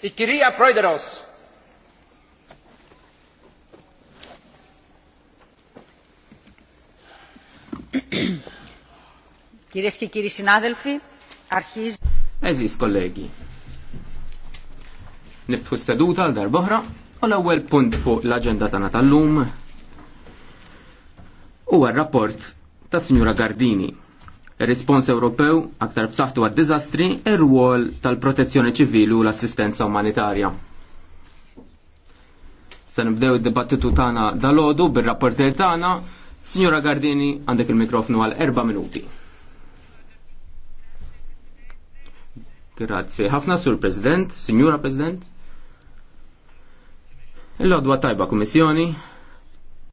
Il-Kirija Projderos. Κυρίες και κύριοι συνάδελφοι, αρχίζει... Eżis κολέγγι. niftħu s-seduta għal darboħra u l-ewwel τα fuq l-aġenda tagħna tal-lum huwa r-rapport tas Gardini il rispons Ewropew aktar b'saħħtu għad-diżastri ir-rwol tal-protezzjoni ċivili u l-assistenza umanitarja. Se nibdew id-dibattitu tagħna dalodu bir-rapporter tagħna, Signora Gardini għandek il-mikrofonu għal erba' minuti. Grazzi. Ħafna sur President, Signora President. Il-lodwa tajba Kummissjoni,